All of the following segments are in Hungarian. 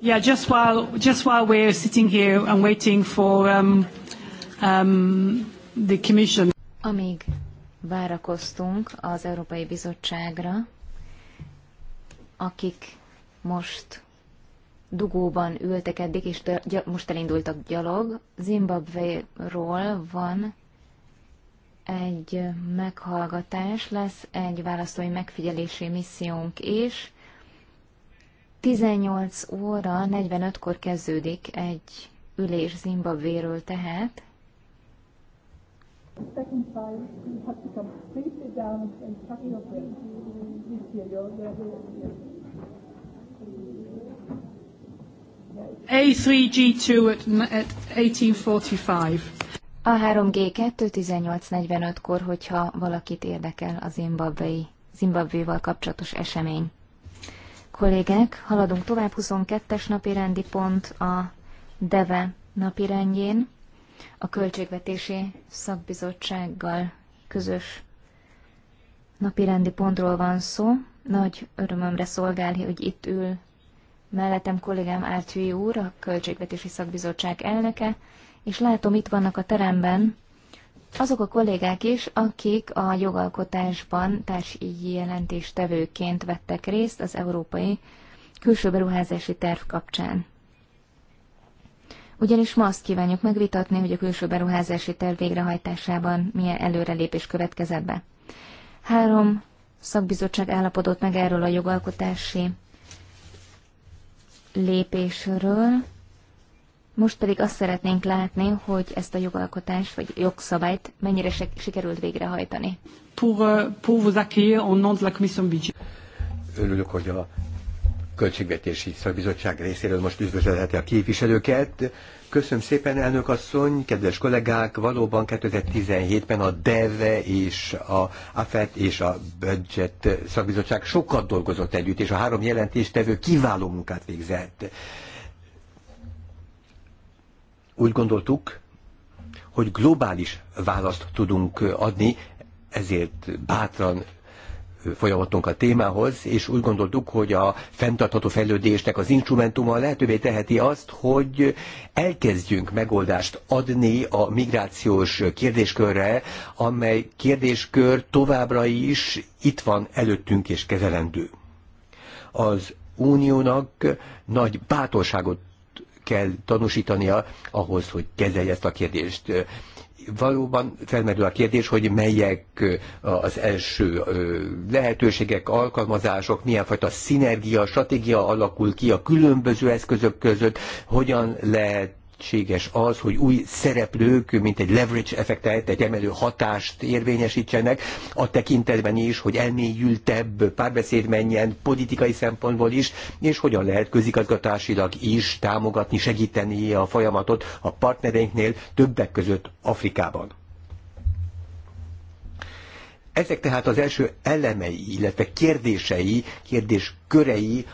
Yeah, just while just while we're sitting here and waiting for um, um, the Commission. Amíg várakoztunk az Európai Bizottságra, akik most dugóban ültek eddig, és most elindultak gyalog, Zimbabwe-ról van egy meghallgatás, lesz egy választói megfigyelési missziónk is. 18 óra 45-kor kezdődik egy ülés Zimbabvéről tehát. A3G2 at, at 1845. A 3G 2.18.45-kor, hogyha valakit érdekel a zimbabvei, zimbabvéval kapcsolatos esemény. Kollégák, haladunk tovább, 22-es napi rendi pont a DEVE napi rendjén, a Költségvetési Szakbizottsággal közös napi rendi pontról van szó. Nagy örömömre szolgál, hogy itt ül mellettem kollégám Ártyúi úr, a Költségvetési Szakbizottság elnöke, és látom itt vannak a teremben azok a kollégák is, akik a jogalkotásban társígyi jelentéstevőként vettek részt az európai külső beruházási terv kapcsán. Ugyanis ma azt kívánjuk megvitatni, hogy a külső beruházási terv végrehajtásában milyen előrelépés következett be. Három szakbizottság állapodott meg erről a jogalkotási lépésről, most pedig azt szeretnénk látni, hogy ezt a jogalkotást vagy jogszabályt mennyire sikerült végrehajtani. Pour, euh, pour vous accueillir au nom de la Commission Budget. Örülök, hogy a Költségvetési Szakbizottság részéről most üdvözölheti a képviselőket. Köszönöm szépen, elnök asszony, kedves kollégák, valóban 2017-ben a dev és a AFET és a Budget Szakbizottság sokat dolgozott együtt, és a három jelentéstevő kiváló munkát végzett úgy gondoltuk, hogy globális választ tudunk adni, ezért bátran folyamatunk a témához, és úgy gondoltuk, hogy a fenntartható fejlődésnek az instrumentuma lehetővé teheti azt, hogy elkezdjünk megoldást adni a migrációs kérdéskörre, amely kérdéskör továbbra is itt van előttünk és kezelendő. Az uniónak nagy bátorságot kell tanúsítania ahhoz, hogy kezelje ezt a kérdést valóban felmerül a kérdés, hogy melyek az első lehetőségek, alkalmazások, milyen fajta szinergia, stratégia alakul ki a különböző eszközök között, hogyan lehet lehetséges az, hogy új szereplők, mint egy leverage effektet, egy emelő hatást érvényesítsenek, a tekintetben is, hogy elmélyültebb párbeszéd menjen politikai szempontból is, és hogyan lehet közigazgatásilag is támogatni, segíteni a folyamatot a partnereinknél, többek között Afrikában. Ezek tehát az első elemei, illetve kérdései, kérdéskörei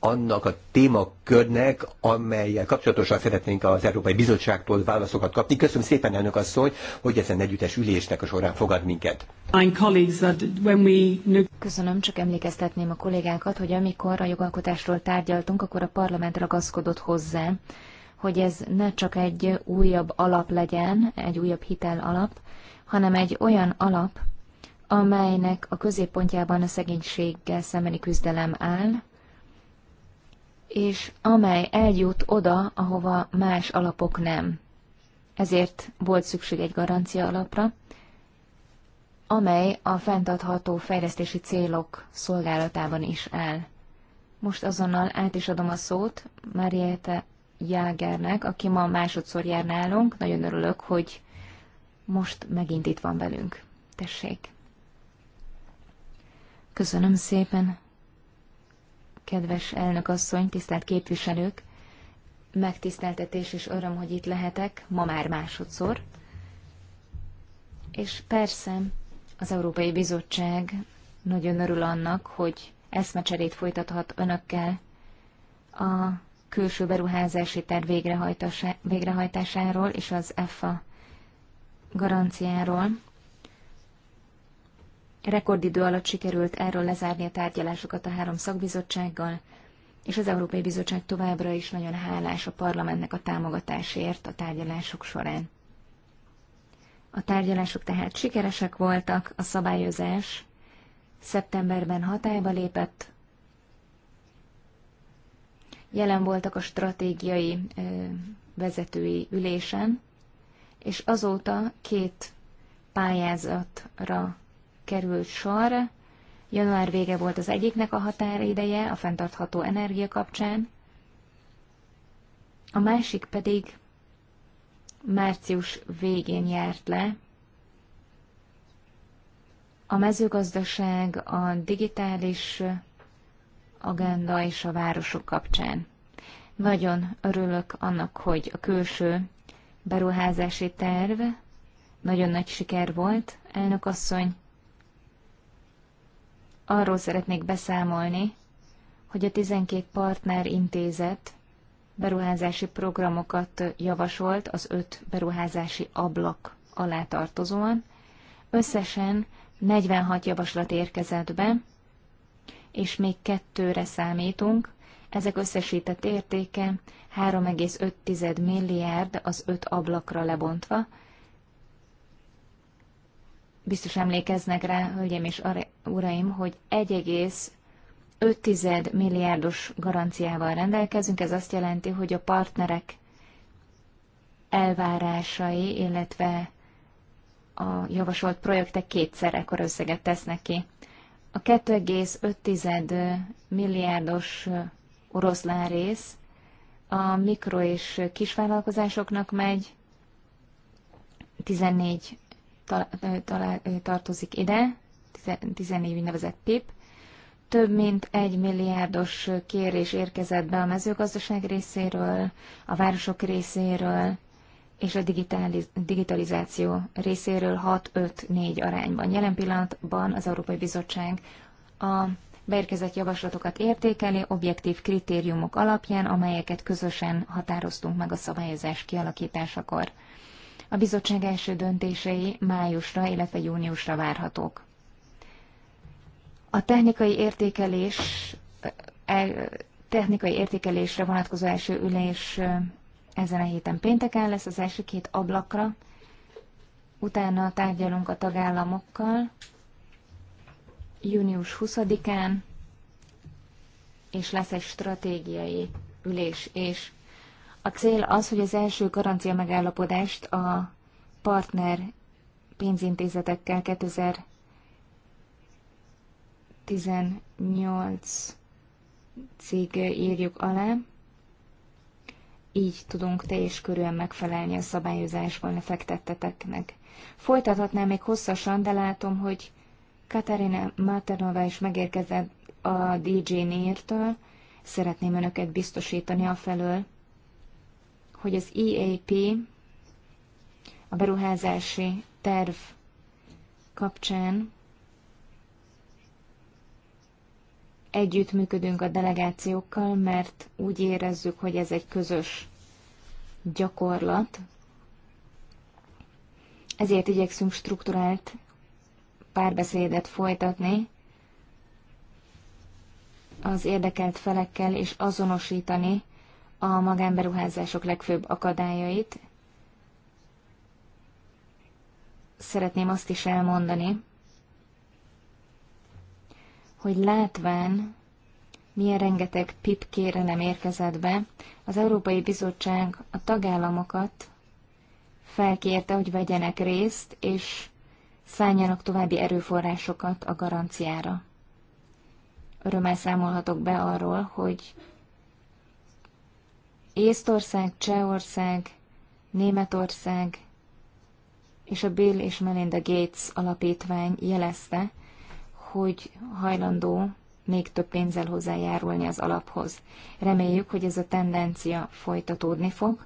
annak a témakörnek, amelyel kapcsolatosan szeretnénk az Európai Bizottságtól válaszokat kapni. Köszönöm szépen, elnök asszony, hogy ezen együttes ülésnek a során fogad minket. Köszönöm, csak emlékeztetném a kollégákat, hogy amikor a jogalkotásról tárgyaltunk, akkor a parlament ragaszkodott hozzá, hogy ez ne csak egy újabb alap legyen, egy újabb hitel alap, hanem egy olyan alap, amelynek a középpontjában a szegénységgel szembeni küzdelem áll, és amely eljut oda, ahova más alapok nem. Ezért volt szükség egy garancia alapra, amely a fenntartható fejlesztési célok szolgálatában is áll. Most azonnal át is adom a szót Mariette Jágernek, aki ma másodszor jár nálunk. Nagyon örülök, hogy most megint itt van velünk. Tessék! Köszönöm szépen, kedves elnökasszony, tisztelt képviselők! Megtiszteltetés és öröm, hogy itt lehetek, ma már másodszor. És persze az Európai Bizottság nagyon örül annak, hogy eszmecserét folytathat önökkel a külső beruházási terv végrehajtásáról és az EFA garanciáról. Rekordidő alatt sikerült erről lezárni a tárgyalásokat a három szakbizottsággal, és az Európai Bizottság továbbra is nagyon hálás a parlamentnek a támogatásért a tárgyalások során. A tárgyalások tehát sikeresek voltak, a szabályozás szeptemberben hatályba lépett, jelen voltak a stratégiai vezetői ülésen, és azóta két pályázatra került sor. Január vége volt az egyiknek a határideje a fenntartható energia kapcsán, a másik pedig március végén járt le. A mezőgazdaság, a digitális agenda és a városok kapcsán. Nagyon örülök annak, hogy a külső beruházási terv nagyon nagy siker volt, elnök asszony arról szeretnék beszámolni, hogy a 12 partner intézet beruházási programokat javasolt az öt beruházási ablak alá tartozóan. Összesen 46 javaslat érkezett be, és még kettőre számítunk. Ezek összesített értéke 3,5 milliárd az öt ablakra lebontva, Biztos emlékeznek rá, hölgyeim és uraim, hogy 1,5 milliárdos garanciával rendelkezünk. Ez azt jelenti, hogy a partnerek elvárásai, illetve a javasolt projektek kétszer ekkor összeget tesznek ki. A 2,5 milliárdos oroszlán rész a mikro és kisvállalkozásoknak megy, 14 tartozik ide, 14 nevezett PIP. Több mint egy milliárdos kérés érkezett be a mezőgazdaság részéről, a városok részéről, és a digitalizáció részéről 6-5-4 arányban. Jelen pillanatban az Európai Bizottság a beérkezett javaslatokat értékeli objektív kritériumok alapján, amelyeket közösen határoztunk meg a szabályozás kialakításakor. A bizottság első döntései májusra, illetve júniusra várhatók. A technikai értékelés e, e, technikai értékelésre vonatkozó első ülés e, ezen a héten pénteken lesz az első két ablakra, utána tárgyalunk a tagállamokkal, június 20-án, és lesz egy stratégiai ülés, és a cél az, hogy az első garancia megállapodást a partner pénzintézetekkel 2018 cég írjuk alá, így tudunk teljes körűen megfelelni a szabályozásban fektetteteknek. Folytathatnám még hosszasan, de látom, hogy Katarina Maternova is megérkezett a DJ Nértől. Szeretném önöket biztosítani a felől, hogy az EAP, a beruházási terv kapcsán együttműködünk a delegációkkal, mert úgy érezzük, hogy ez egy közös gyakorlat. Ezért igyekszünk strukturált párbeszédet folytatni az érdekelt felekkel, és azonosítani a magánberuházások legfőbb akadályait. Szeretném azt is elmondani, hogy látván, milyen rengeteg PIP kére nem érkezett be, az Európai Bizottság a tagállamokat felkérte, hogy vegyenek részt, és szálljanak további erőforrásokat a garanciára. Örömmel számolhatok be arról, hogy Észtország, Csehország, Németország és a Bill és Melinda Gates alapítvány jelezte, hogy hajlandó még több pénzzel hozzájárulni az alaphoz. Reméljük, hogy ez a tendencia folytatódni fog,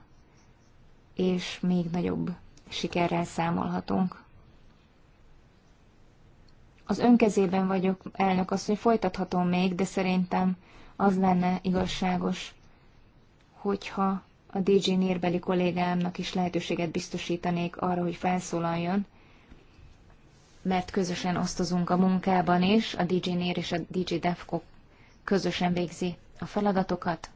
és még nagyobb sikerrel számolhatunk. Az önkezében vagyok, elnök azt hogy folytathatom még, de szerintem az lenne igazságos, hogyha a DJ Nérbeli kollégámnak is lehetőséget biztosítanék arra, hogy felszólaljon, mert közösen osztozunk a munkában is, a DJ Nér és a DJ Defco közösen végzi a feladatokat,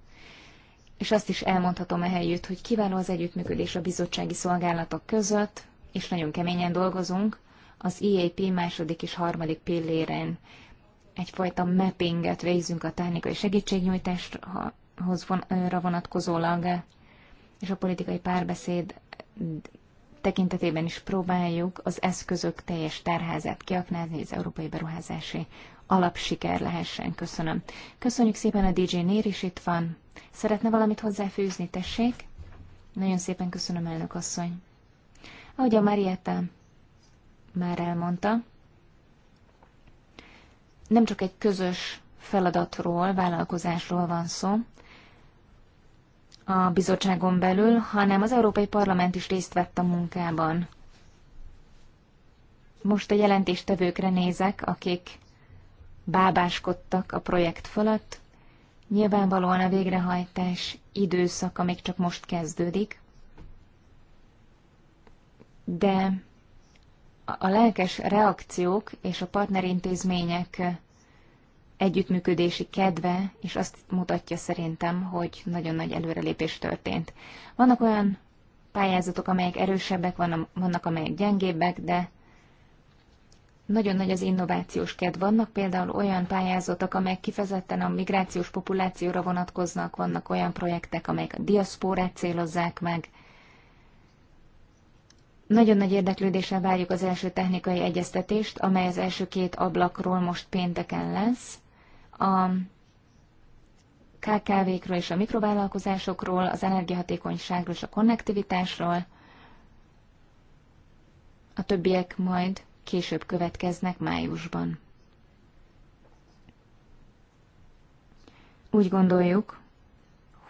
és azt is elmondhatom ehelyütt, hogy kiváló az együttműködés a bizottsági szolgálatok között, és nagyon keményen dolgozunk az EAP második és harmadik pilléren. Egyfajta mappinget végzünk a technikai segítségnyújtásra ra vonatkozólag és a politikai párbeszéd tekintetében is próbáljuk az eszközök teljes tárházát kiaknázni, hogy az európai beruházási alapsiker lehessen. Köszönöm. Köszönjük szépen, a DJ Nér is itt van. Szeretne valamit hozzáfűzni, tessék? Nagyon szépen köszönöm, elnök asszony. Ahogy a Marietta már elmondta, nem csak egy közös feladatról, vállalkozásról van szó, a bizottságon belül, hanem az Európai Parlament is részt vett a munkában. Most a jelentéstevőkre nézek, akik bábáskodtak a projekt fölött. Nyilvánvalóan a végrehajtás időszaka még csak most kezdődik, de a lelkes reakciók és a partnerintézmények együttműködési kedve, és azt mutatja szerintem, hogy nagyon nagy előrelépés történt. Vannak olyan pályázatok, amelyek erősebbek, vannak, amelyek gyengébbek, de nagyon nagy az innovációs kedv. Vannak például olyan pályázatok, amelyek kifejezetten a migrációs populációra vonatkoznak, vannak olyan projektek, amelyek a diaszpórát célozzák meg. Nagyon nagy érdeklődéssel várjuk az első technikai egyeztetést, amely az első két ablakról most pénteken lesz a KKV-kről és a mikrovállalkozásokról, az energiahatékonyságról és a konnektivitásról. A többiek majd később következnek májusban. Úgy gondoljuk,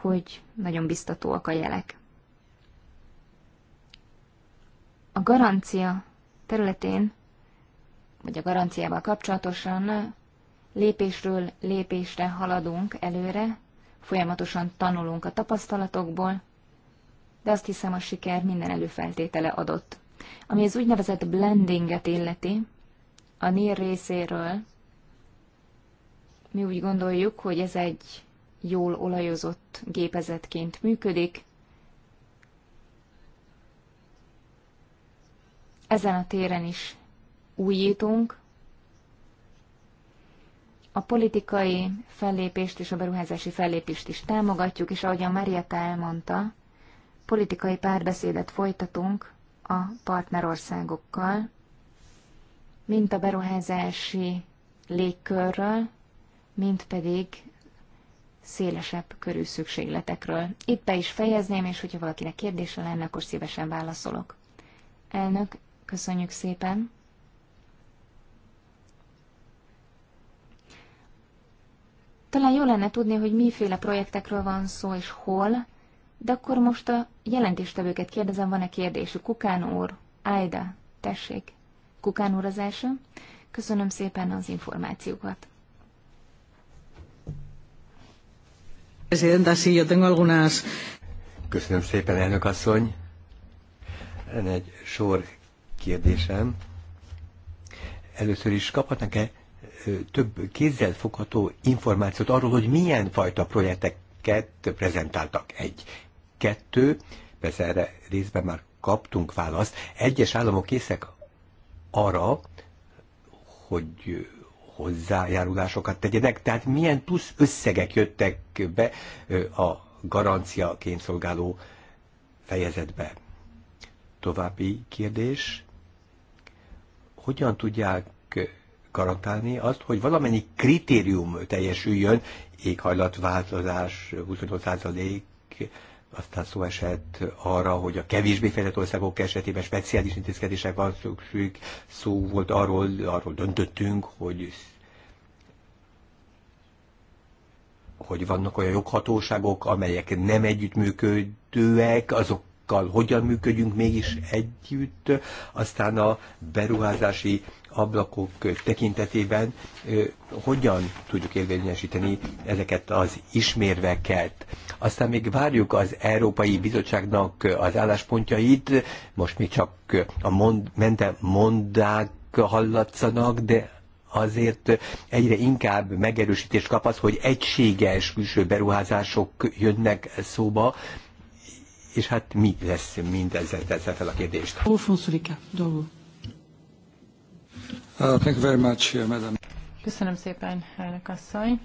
hogy nagyon biztatóak a jelek. A garancia területén, vagy a garanciával kapcsolatosan lépésről lépésre haladunk előre, folyamatosan tanulunk a tapasztalatokból, de azt hiszem a siker minden előfeltétele adott. Ami az úgynevezett blendinget illeti, a NIR részéről mi úgy gondoljuk, hogy ez egy jól olajozott gépezetként működik. Ezen a téren is újítunk, a politikai fellépést és a beruházási fellépést is támogatjuk, és a Marietta elmondta, politikai párbeszédet folytatunk a partnerországokkal, mint a beruházási légkörről, mint pedig szélesebb körű szükségletekről. Itt be is fejezném, és hogyha valakinek kérdése lenne, akkor szívesen válaszolok. Elnök, köszönjük szépen! Talán jó lenne tudni, hogy miféle projektekről van szó és hol, de akkor most a jelentéstevőket kérdezem, van-e kérdésük? Kukán úr, Ájda, tessék. Kukán úr az első. Köszönöm szépen az információkat. Presidenta, Köszönöm szépen, elnök asszony. Lenne egy sor kérdésem. Először is kaphatnak-e több kézzel fogható információt arról, hogy milyen fajta projekteket prezentáltak. Egy, kettő, persze erre részben már kaptunk választ. Egyes államok készek arra, hogy hozzájárulásokat tegyenek, tehát milyen plusz összegek jöttek be a garancia kényszolgáló fejezetbe. További kérdés, hogyan tudják garantálni azt, hogy valamennyi kritérium teljesüljön, éghajlatváltozás 25 aztán szó esett arra, hogy a kevésbé fejlett országok esetében speciális intézkedések van szükség, szó volt arról, arról döntöttünk, hogy hogy vannak olyan joghatóságok, amelyek nem együttműködőek, azok bankokkal hogyan működjünk mégis együtt, aztán a beruházási ablakok tekintetében hogyan tudjuk érvényesíteni ezeket az ismérveket. Aztán még várjuk az Európai Bizottságnak az álláspontjait, most még csak a mond, mente mondák hallatszanak, de azért egyre inkább megerősítést kap az, hogy egységes külső beruházások jönnek szóba, és hát mi lesz mindezzel tette fel a kérdést. Uh, thank you very much, uh, madam. Köszönöm szépen, elnök asszony.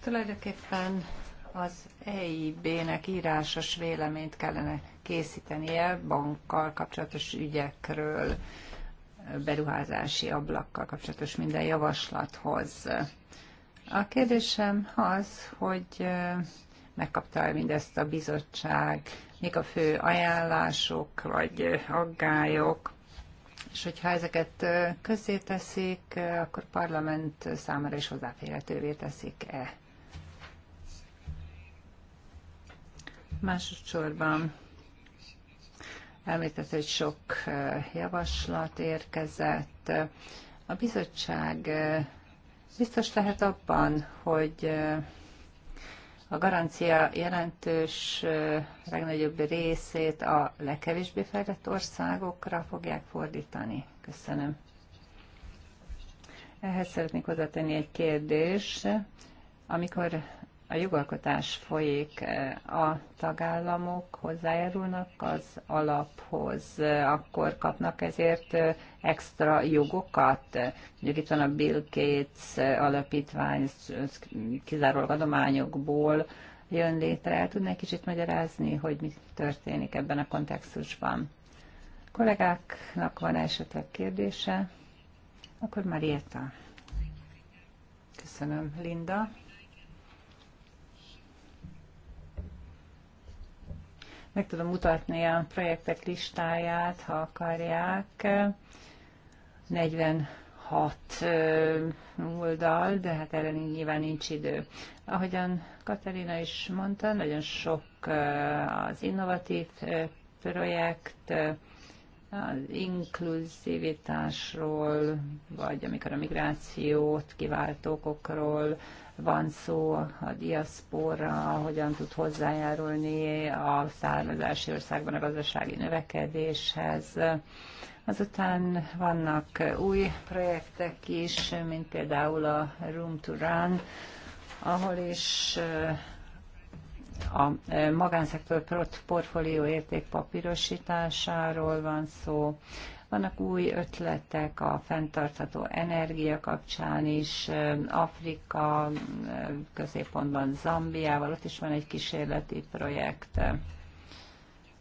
Tulajdonképpen az EIB-nek írásos véleményt kellene készítenie bankkal kapcsolatos ügyekről, beruházási ablakkal kapcsolatos minden javaslathoz. A kérdésem az, hogy megkapta mindezt a bizottság, mik a fő ajánlások vagy aggályok, és hogyha ezeket teszik, akkor parlament számára is hozzáférhetővé teszik-e? Másodszorban említett, hogy sok javaslat érkezett. A bizottság biztos lehet abban, hogy a garancia jelentős legnagyobb részét a legkevésbé fejlett országokra fogják fordítani. Köszönöm. Ehhez szeretnék hozzátenni egy kérdést. Amikor a jogalkotás folyik, eh, a tagállamok hozzájárulnak az alaphoz, eh, akkor kapnak ezért eh, extra jogokat. Mondjuk itt van a Bill Gates alapítvány, kizárólag adományokból jön létre. El tudnék kicsit magyarázni, hogy mi történik ebben a kontextusban? A kollégáknak van esetleg kérdése? Akkor Marietta. Köszönöm, Linda. Meg tudom mutatni a projektek listáját, ha akarják. 46 oldal, de hát erre nyilván nincs idő. Ahogyan Katarina is mondta, nagyon sok az innovatív projekt, az inkluzivitásról, vagy amikor a migrációt kiváltó okokról van szó, a diaszpora hogyan tud hozzájárulni a származási országban a gazdasági növekedéshez. Azután vannak új projektek is, mint például a Room to Run, ahol is a e, magánszektor portfólió értékpapírosításáról van szó, vannak új ötletek a fenntartható energia kapcsán is, e, Afrika e, középpontban Zambiával, ott is van egy kísérleti projekt.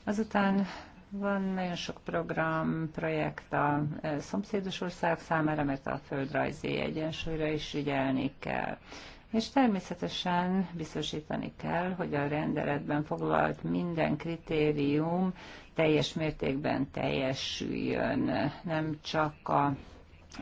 Azután van nagyon sok program, projekt a szomszédos országok számára, mert a földrajzi egyensúlyra is ügyelni kell és természetesen biztosítani kell, hogy a rendeletben foglalt minden kritérium teljes mértékben teljesüljön, nem csak a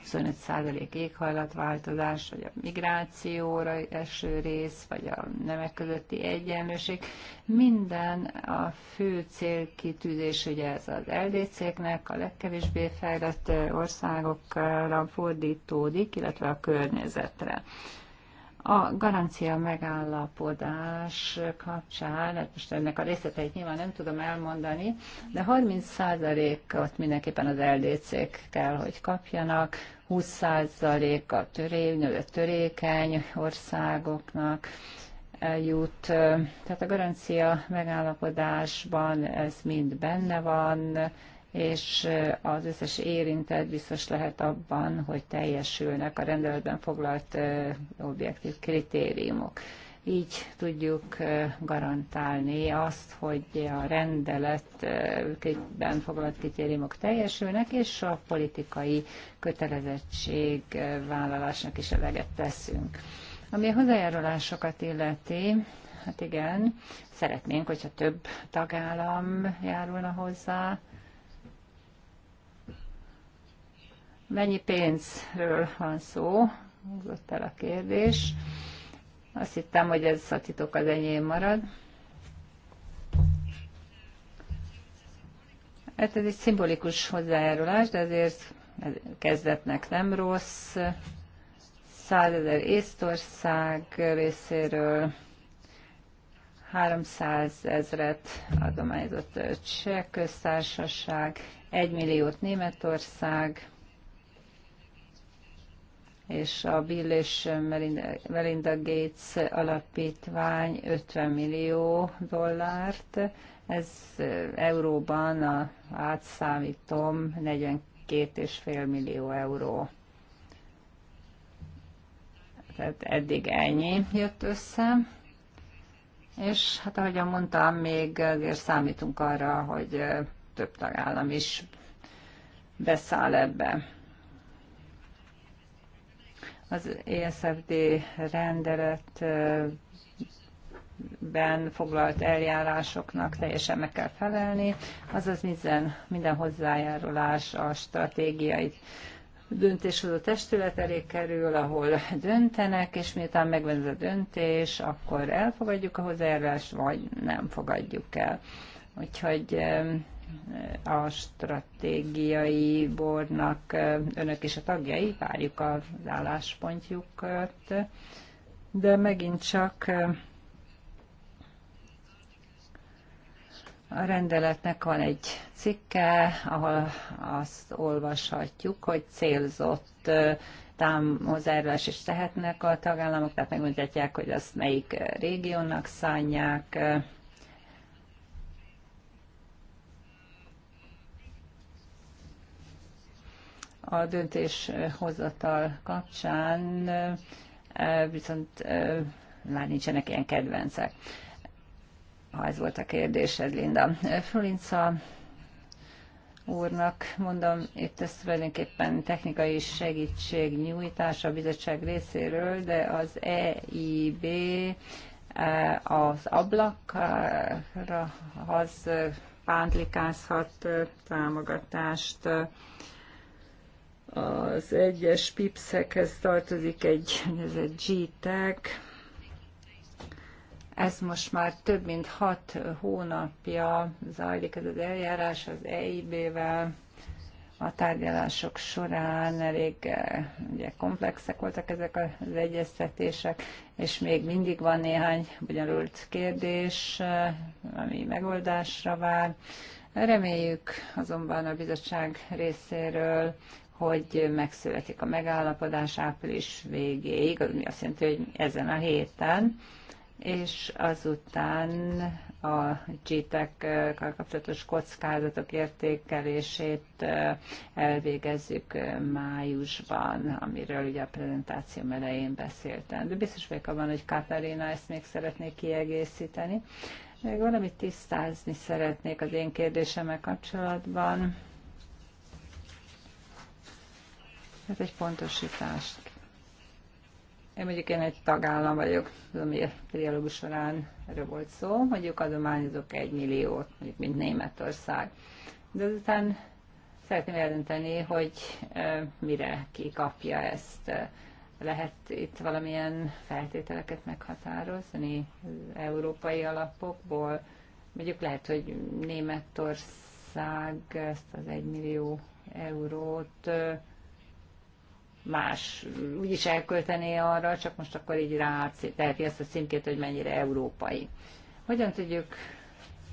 25% éghajlatváltozás, vagy a migrációra eső rész, vagy a nemek közötti egyenlőség. Minden a fő célkitűzés, ugye ez az LDC-knek a legkevésbé fejlett országokra fordítódik, illetve a környezetre. A garancia megállapodás kapcsán, hát most ennek a részleteit nyilván nem tudom elmondani, de 30%-ot mindenképpen az LDC-k kell, hogy kapjanak, 20% a töré, törékeny országoknak, jut. Tehát a garancia megállapodásban ez mind benne van, és eh, az összes érintett biztos lehet abban, hogy teljesülnek a rendeletben foglalt eh, objektív kritériumok. Így tudjuk eh, garantálni azt, hogy a rendeletben foglalt kritériumok teljesülnek, és a politikai kötelezettség vállalásnak is eleget teszünk. Ami a hozzájárulásokat illeti, hát igen, szeretnénk, hogyha több tagállam járulna hozzá, Mennyi pénzről van szó? Húzott el a kérdés. Azt hittem, hogy ez a titok az enyém marad. Hát ez egy szimbolikus hozzájárulás, de azért kezdetnek nem rossz. 100 Észtország részéről 300 ezret adományozott Cseh köztársaság, 1 milliót Németország, és a Bill és Melinda Gates alapítvány 50 millió dollárt, ez euróban a, átszámítom 42,5 millió euró. Tehát eddig ennyi jött össze. És hát ahogy mondtam, még azért számítunk arra, hogy több tagállam is beszáll ebbe. Az ESFD rendeletben foglalt eljárásoknak teljesen meg kell felelni, azaz minden, minden hozzájárulás a stratégiai döntéshozó testület elé kerül, ahol döntenek, és miután megvan ez a döntés, akkor elfogadjuk a hozzájárulást, vagy nem fogadjuk el. Úgyhogy a stratégiai bornak önök is a tagjai, várjuk az álláspontjukat, de megint csak A rendeletnek van egy cikke, ahol azt olvashatjuk, hogy célzott támozárás is tehetnek a tagállamok, tehát megmutatják, hogy azt melyik régiónak szánják, a döntéshozatal kapcsán viszont már nincsenek ilyen kedvencek. Ha ez volt a kérdésed, Linda. Florinca úrnak mondom, itt ez tulajdonképpen technikai nyújtása a bizottság részéről, de az EIB az ablakra az pántlikázhat támogatást az egyes pipszekhez tartozik egy, ez egy G-tag. Ez most már több mint hat hónapja zajlik ez az eljárás az EIB-vel a tárgyalások során elég eh, ugye, komplexek voltak ezek az egyeztetések, és még mindig van néhány bonyolult kérdés, eh, ami megoldásra vár. Reméljük azonban a bizottság részéről hogy megszületik a megállapodás április végéig, ami azt jelenti, hogy ezen a héten, és azután a GTEC-kal kapcsolatos kockázatok értékelését elvégezzük májusban, amiről ugye a prezentáció elején beszéltem. De biztos vagyok abban, hogy Katarina ezt még szeretné kiegészíteni. Még valamit tisztázni szeretnék az én kérdésemmel kapcsolatban. Hát egy pontosítást. Én mondjuk én egy tagállam vagyok, tudom, hogy a trialógus során erről volt szó, mondjuk adományozok egy milliót, mondjuk mint Németország. De azután szeretném eldönteni, hogy mire ki kapja ezt. Lehet itt valamilyen feltételeket meghatározni európai alapokból? Mondjuk lehet, hogy Németország ezt az egymillió eurót más úgyis elköltené arra, csak most akkor így rá teheti ezt a címkét, hogy mennyire európai. Hogyan tudjuk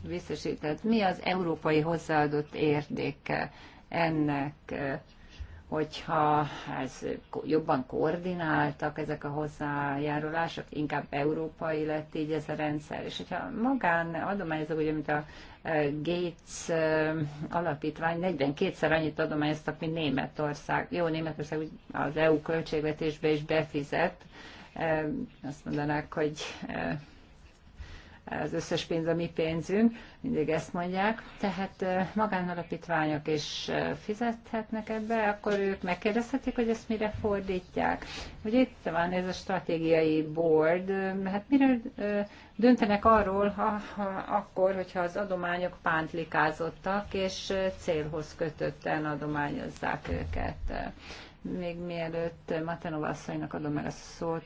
biztosítani? Mi az európai hozzáadott érdéke ennek eh, hogyha ez jobban koordináltak ezek a hozzájárulások, inkább európai lett így ez a rendszer, és hogyha magán adományozok, ugye, mint a e, Gates e, alapítvány 42-szer annyit adományoztak, mint Németország. Jó, Németország az EU költségvetésbe is befizet, e, azt mondanák, hogy az összes pénz a mi pénzünk, mindig ezt mondják. Tehát magánalapítványok is fizethetnek ebbe, akkor ők megkérdezhetik, hogy ezt mire fordítják. Ugye itt van ez a stratégiai board, hát miről döntenek arról, ha, ha, akkor, hogyha az adományok pántlikázottak, és célhoz kötötten adományozzák őket. Még mielőtt Matenova asszonynak adom meg a szót,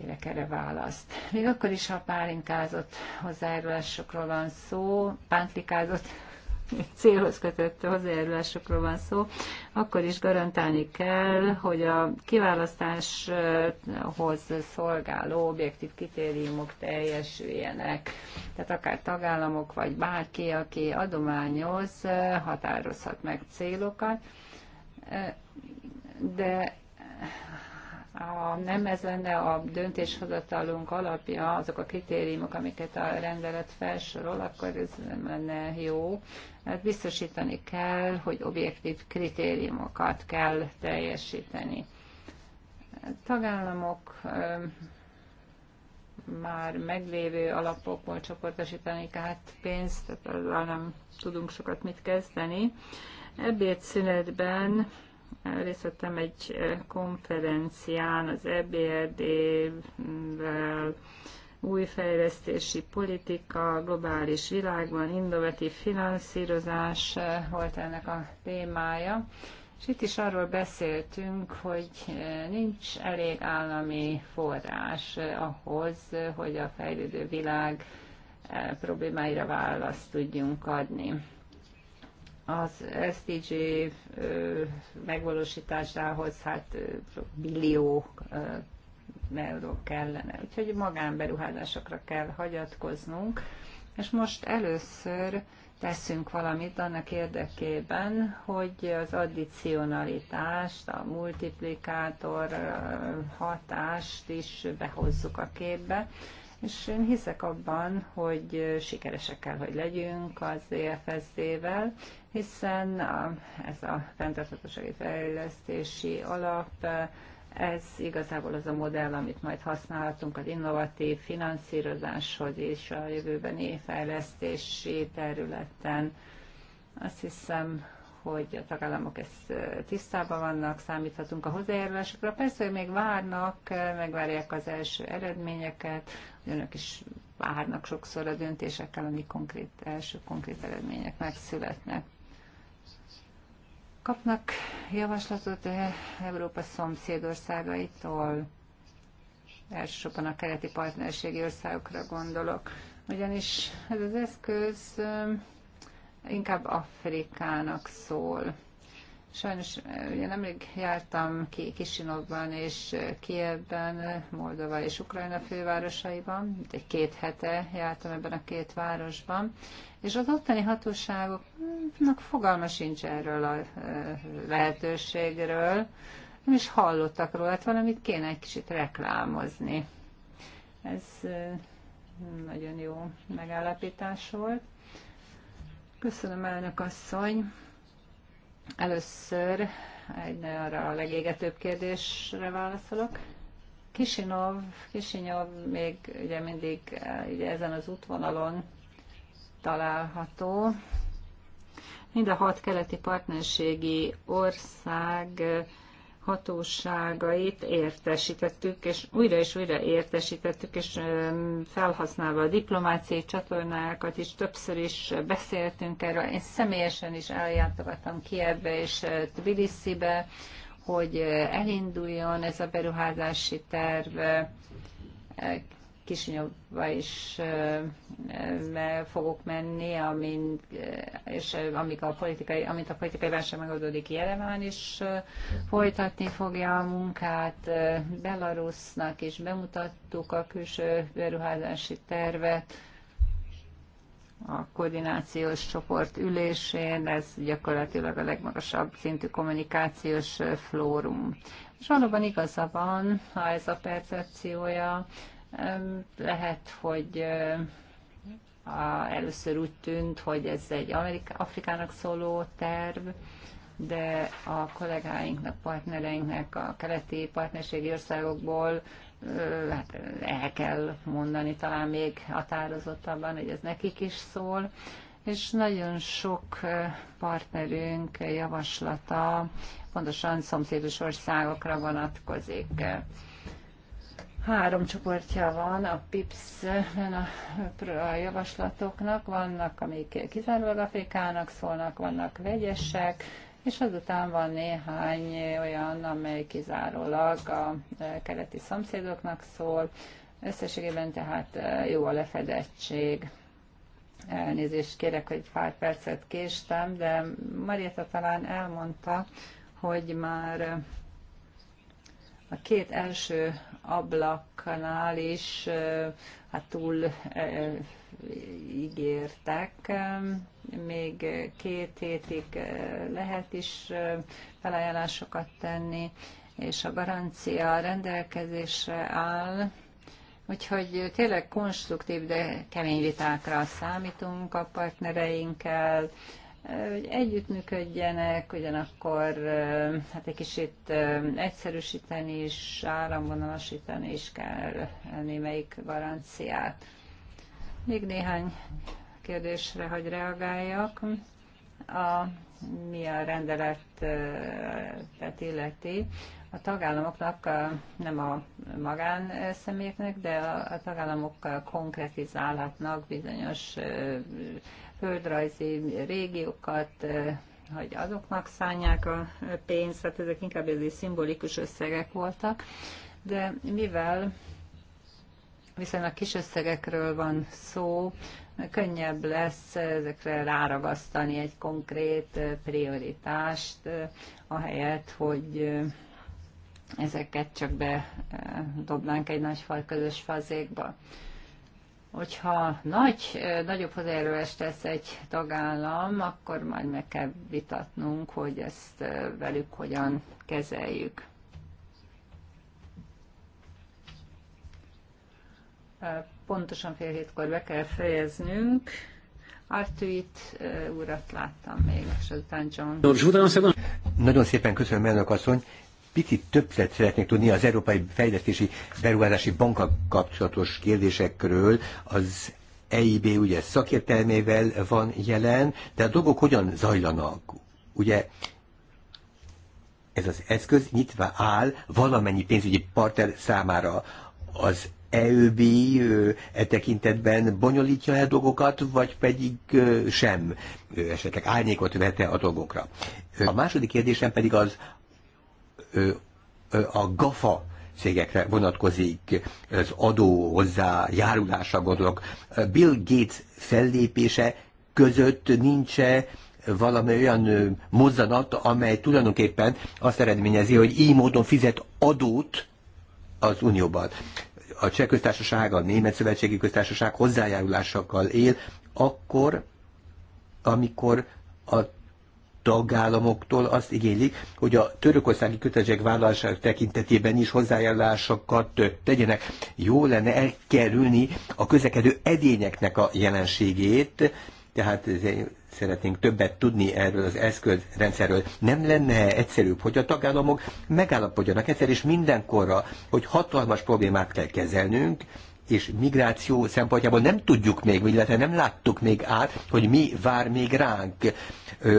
kérek erre választ. Még akkor is, ha pálinkázott hozzájárulásokról van szó, pántlikázott célhoz kötött hozzájárulásokról van szó, akkor is garantálni kell, hogy a kiválasztáshoz szolgáló objektív kritériumok teljesüljenek. Tehát akár tagállamok, vagy bárki, aki adományoz, határozhat meg célokat, de nem ez lenne a döntéshozatalunk alapja, azok a kritériumok, amiket a rendelet felsorol, akkor ez nem lenne jó. Hát biztosítani kell, hogy objektív kritériumokat kell teljesíteni. A tagállamok már meglévő alapokból csoportosítani hát pénzt, tehát nem tudunk sokat mit kezdeni. szünetben részt vettem egy konferencián az EBRD-vel, e új fejlesztési politika, globális világban, innovatív finanszírozás volt ennek a témája. És itt is arról beszéltünk, hogy nincs elég állami forrás ahhoz, hogy a fejlődő világ problémáira választ tudjunk adni az SDG megvalósításához hát millió euró kellene. Úgyhogy magánberuházásokra kell hagyatkoznunk. És most először teszünk valamit annak érdekében, hogy az addicionalitást, a multiplikátor hatást is behozzuk a képbe, és én hiszek abban, hogy sikeresek kell, hogy legyünk az EFSZ-vel, hiszen a, ez a fenntarthatósági fejlesztési alap, ez igazából az a modell, amit majd használhatunk az innovatív finanszírozáshoz és a jövőbeni fejlesztési területen. Azt hiszem, hogy a tagállamok ezt tisztában vannak, számíthatunk a hozzájárulásokra. Persze, hogy még várnak, megvárják az első eredményeket, önök is várnak sokszor a döntésekkel, ami konkrét, első konkrét eredmények megszületnek. Kapnak javaslatot Európa szomszédországaitól, elsősorban a keleti partnerségi országokra gondolok, ugyanis ez az eszköz inkább Afrikának szól. Sajnos eh, ugye nemrég jártam ki Kisinokban és Kievben, Moldova és Ukrajna fővárosaiban, egy két hete jártam ebben a két városban, és az ottani hatóságoknak fogalma sincs erről a eh, lehetőségről, nem is hallottak róla, hát valamit kéne egy kicsit reklámozni. Ez eh, nagyon jó megállapítás volt. Köszönöm, elnök asszony. Először egy arra a legégetőbb kérdésre válaszolok. Kisinov, Kisinov még ugye mindig eh, ugye ezen az útvonalon található. Mind a hat keleti partnerségi ország eh, hatóságait értesítettük, és újra és újra értesítettük, és felhasználva a diplomáciai csatornákat is többször is beszéltünk erről. Én személyesen is eljátogattam Kievbe és Tbilisibe, hogy elinduljon ez a beruházási terv. Kisinyovba is fogok menni, amint, és amik a politikai, amint a politikai válság megoldódik, Jereván is folytatni fogja a munkát. Belarusnak is bemutattuk a külső beruházási tervet a koordinációs csoport ülésén, ez gyakorlatilag a legmagasabb szintű kommunikációs flórum. És valóban igaza van, ha ez a percepciója lehet, hogy a, először úgy tűnt, hogy ez egy Amerika, Afrikának szóló terv, de a kollégáinknak, partnereinknek a keleti partnerségi országokból hát el kell mondani talán még határozottabban, hogy ez nekik is szól, és nagyon sok partnerünk javaslata pontosan szomszédos országokra vonatkozik. Három csoportja van a pips a, a javaslatoknak, vannak, amik kizárólag Afrikának szólnak, vannak vegyesek, és azután van néhány olyan, amely kizárólag a keleti szomszédoknak szól. Összességében tehát jó a lefedettség. Elnézést kérek, hogy pár percet késtem, de Marietta talán elmondta, hogy már a két első ablaknál is hát túl ígértek. Még két hétig lehet is felajánlásokat tenni, és a garancia rendelkezésre áll. Úgyhogy tényleg konstruktív, de kemény vitákra számítunk a partnereinkkel, hogy együttműködjenek, ugyanakkor hát egy kicsit egyszerűsíteni és áramvonalasítani is kell némelyik garanciát. Még néhány kérdésre, hogy reagáljak. A mi a rendelet eh, illeti, a tagállamoknak, nem a magánszemélyeknek, eh, de a tagállamok konkretizálhatnak bizonyos eh, földrajzi régiókat, hogy azoknak szállják a pénzt, hát ezek inkább ez szimbolikus összegek voltak, de mivel viszonylag kis összegekről van szó, könnyebb lesz ezekre ráragasztani egy konkrét prioritást, ahelyett, hogy ezeket csak bedobnánk egy nagy fal közös fazékba. Hogyha nagy, nagyobb hozzájárulást tesz egy tagállam, akkor majd meg kell vitatnunk, hogy ezt velük hogyan kezeljük. pontosan fél hétkor be kell fejeznünk. Artuit urat láttam még, és azután John. Nagyon szépen köszönöm, elnök asszony. Picit többet szeretnék tudni az Európai Fejlesztési Beruházási Banka kapcsolatos kérdésekről. Az EIB ugye szakértelmével van jelen, de a dolgok hogyan zajlanak? Ugye ez az eszköz nyitva áll valamennyi pénzügyi partner számára az EÖB e tekintetben bonyolítja el dolgokat, vagy pedig sem, esetleg árnyékot vete a dolgokra. A második kérdésem pedig az a GAFA cégekre vonatkozik, az adó hozzájárulásra gondolok. Bill Gates fellépése között nincs -e valami olyan mozzanat, amely tulajdonképpen azt eredményezi, hogy így módon fizet adót az Unióban a cseh köztársaság, a német szövetségi köztársaság hozzájárulásakkal él, akkor, amikor a tagállamoktól azt igénylik, hogy a törökországi kötelezettség vállalásának tekintetében is hozzájárulásokat tegyenek. Jó lenne elkerülni a közlekedő edényeknek a jelenségét, tehát szeretnénk többet tudni erről az eszközrendszerről. Nem lenne egyszerűbb, hogy a tagállamok megállapodjanak egyszer és mindenkorra, hogy hatalmas problémát kell kezelnünk, és migráció szempontjából nem tudjuk még, illetve nem láttuk még át, hogy mi vár még ránk.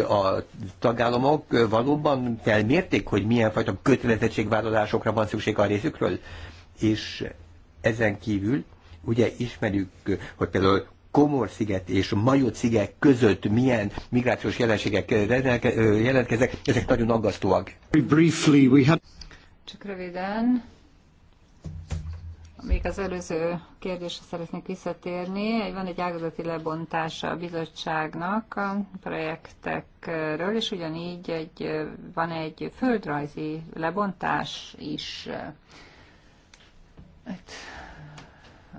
A tagállamok valóban felmérték, hogy milyen fajta kötelezettségvállalásokra van szükség a részükről, és ezen kívül ugye ismerjük, hogy például Komor-sziget és Majó-sziget között milyen migrációs jelenségek jelentkeznek, ezek nagyon aggasztóak. Csak röviden, még az előző kérdésre szeretnék visszatérni. Van egy ágazati lebontása a bizottságnak a projektekről, és ugyanígy egy, van egy földrajzi lebontás is. Hát,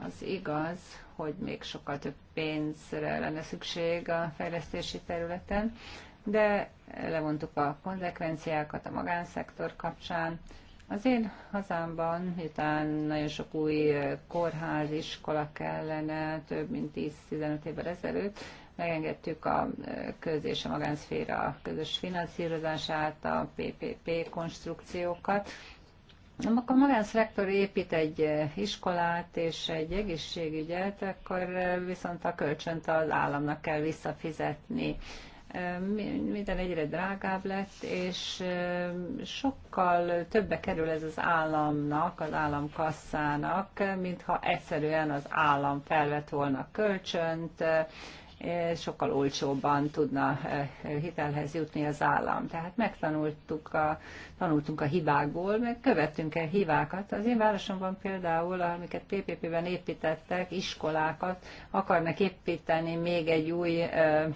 az igaz, hogy még sokkal több pénzre lenne szükség a fejlesztési területen, de levontuk a konzekvenciákat a magánszektor kapcsán. Az én hazámban, miután nagyon sok új kórház, iskola kellene, több mint 10-15 évvel ezelőtt, megengedtük a köz és a magánszféra közös finanszírozását, a PPP konstrukciókat, akkor a magánszektor épít egy eh, iskolát és egy egészségügyet, akkor eh, viszont a kölcsönt az államnak kell visszafizetni. Eh, minden egyre drágább lett, és sokkal többe kerül ez az államnak, az államkasszának, mintha egyszerűen az állam felvett volna kölcsönt, Eh, sokkal olcsóbban tudna eh, hitelhez jutni az állam. Tehát megtanultuk a, tanultunk a hibákból, meg követtünk el hibákat. Az én városomban például, amiket PPP-ben építettek, iskolákat, akarnak építeni még egy új ö, eh,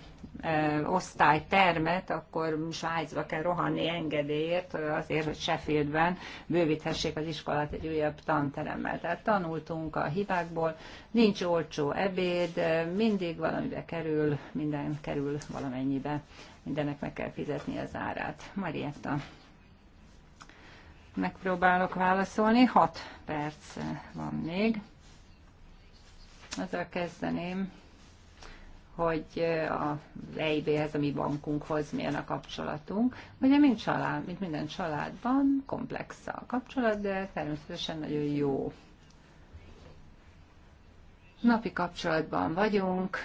ö, osztálytermet, akkor Svájcba kell rohanni engedélyért, azért, hogy Sheffieldben bővíthessék az iskolát egy újabb tanteremmel. Tehát tanultunk a hibákból, nincs olcsó ebéd, mindig valamibe kell kerül, minden kerül valamennyibe, mindennek meg kell fizetni az árát. Marietta, megpróbálok válaszolni, 6 perc van még. Azzal kezdeném, hogy az EIB-hez, a mi bankunkhoz milyen a kapcsolatunk. Ugye, mint család, mint minden családban, komplex a kapcsolat, de természetesen nagyon jó. Napi kapcsolatban vagyunk,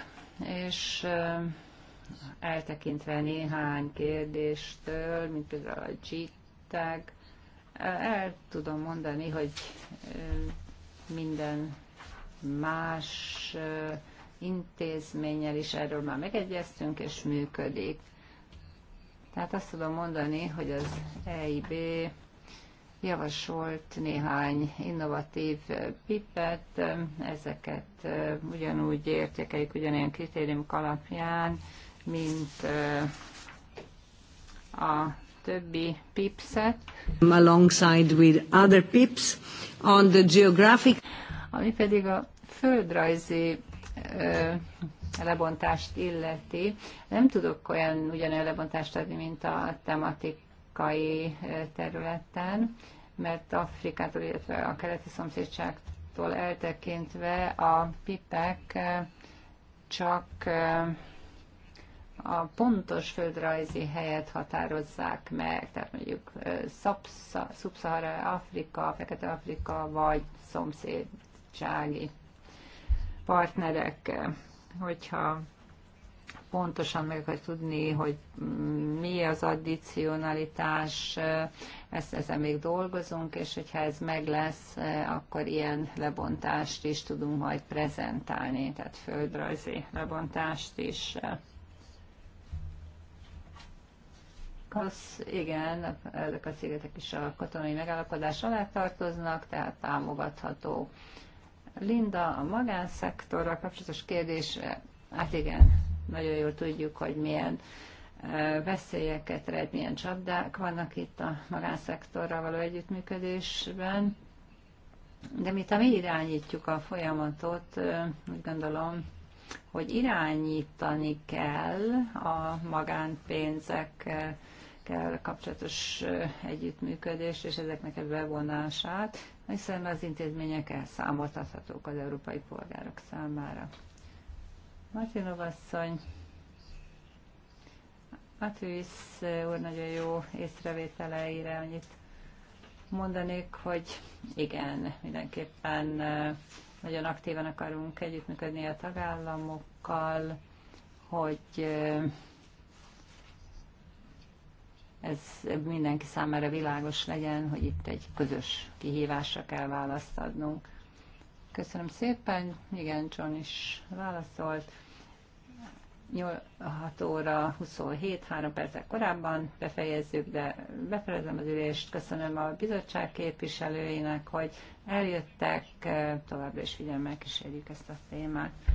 és eltekintve néhány kérdéstől, mint például a csíták, el tudom mondani, hogy minden más intézménnyel is erről már megegyeztünk, és működik. Tehát azt tudom mondani, hogy az EIB javasolt néhány innovatív pipet, ezeket ugyanúgy értékeljük ugyanilyen kritériumok alapján, mint a többi pipset. Alongside with other PIPS on the geographic. Ami pedig a földrajzi lebontást illeti. Nem tudok olyan ugyanolyan lebontást adni, mint a tematik afrikai területen, mert Afrikától, illetve a keleti szomszédságtól eltekintve a pipek csak a pontos földrajzi helyet határozzák meg, tehát mondjuk Szubszahara Afrika, Fekete Afrika, vagy szomszédsági partnerek, hogyha pontosan meg kell tudni, hogy mi az addicionalitás, ezt, ezen még dolgozunk, és hogyha ez meg lesz, akkor ilyen lebontást is tudunk majd prezentálni, tehát földrajzi lebontást is. Az, igen, ezek a szigetek is a katonai megállapodás alá tartoznak, tehát támogatható. Linda, a magánszektorral kapcsolatos kérdés, hát igen, nagyon jól tudjuk, hogy milyen veszélyeket rejt, milyen csapdák vannak itt a magánszektorral való együttműködésben. De miután mi irányítjuk a folyamatot, úgy gondolom, hogy irányítani kell a magánpénzekkel kapcsolatos együttműködés és ezeknek a bevonását, hiszen az intézmények elszámoltathatók az európai polgárok számára. Martinov asszony, Matűsz úr nagyon jó észrevételeire annyit mondanék, hogy igen, mindenképpen nagyon aktívan akarunk együttműködni a tagállamokkal, hogy ez mindenki számára világos legyen, hogy itt egy közös kihívásra kell választ adnunk. Köszönöm szépen, igen, John is válaszolt. 6 óra 27, 3 percek korábban befejezzük, de befejezem az ülést. Köszönöm a bizottság képviselőinek, hogy eljöttek, továbbra is figyelmel kísérjük ezt a témát.